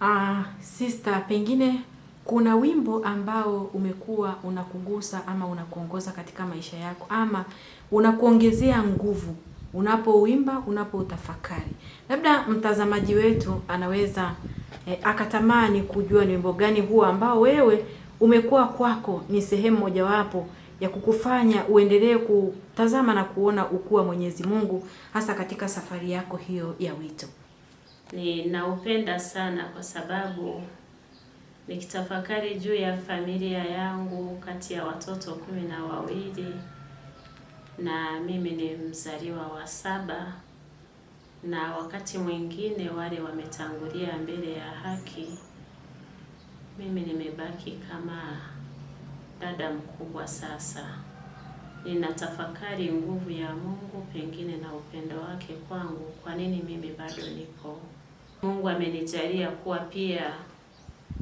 Ah, sister, pengine kuna wimbo ambao umekuwa unakugusa ama unakuongoza katika maisha yako ama unakuongezea nguvu unapouimba, unapoutafakari. Labda mtazamaji wetu anaweza eh, akatamani kujua ni wimbo gani huo ambao wewe umekuwa kwako ni sehemu mojawapo ya kukufanya uendelee kutazama na kuona ukuu wa Mwenyezi Mungu hasa katika safari yako hiyo ya wito ninaupenda sana kwa sababu nikitafakari juu ya familia yangu kati ya watoto kumi na wawili na mimi ni mzaliwa wa saba, na wakati mwingine wale wametangulia mbele ya haki, mimi nimebaki kama dada mkubwa sasa ninatafakari nguvu ya Mungu pengine na upendo wake kwangu. Kwa nini mimi bado nipo? Mungu amenijalia kuwa pia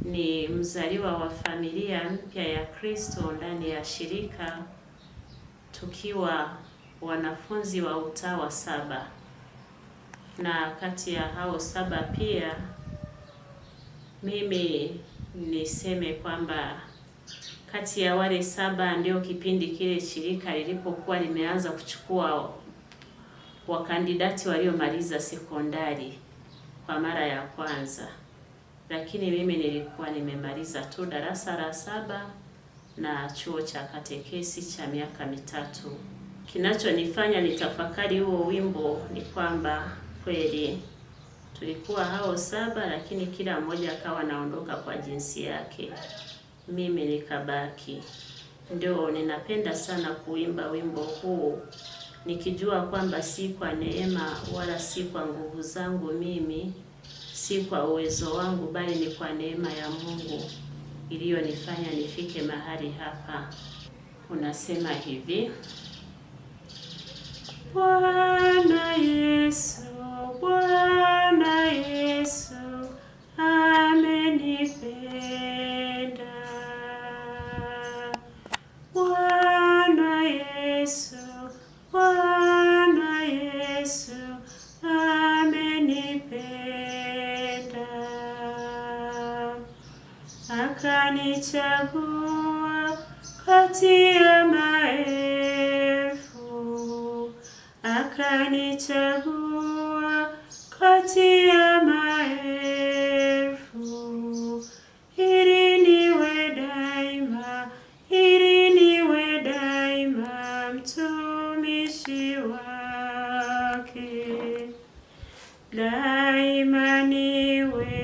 ni mzaliwa wa familia mpya ya Kristo ndani ya shirika, tukiwa wanafunzi wa utawa saba, na kati ya hao saba pia mimi niseme kwamba kati ya wale saba, ndio kipindi kile shirika lilipokuwa limeanza kuchukua wakandidati waliomaliza sekondari kwa mara ya kwanza, lakini mimi nilikuwa nimemaliza tu darasa la saba na chuo cha katekesi cha miaka mitatu. Kinachonifanya nitafakari huo wimbo ni kwamba kweli tulikuwa hao saba, lakini kila mmoja akawa anaondoka kwa jinsi yake mimi nikabaki. Ndio ninapenda sana kuimba wimbo huu nikijua kwamba si kwa neema wala si kwa nguvu zangu mimi, si kwa uwezo wangu, bali ni kwa neema ya Mungu iliyonifanya nifike mahali hapa. Unasema hivi: Bwana Yesu akanichagua kati ya maelfu, akanichagua kati ya maelfu, ili niwe daima, ili niwe daima mtumishi wake, daima niwe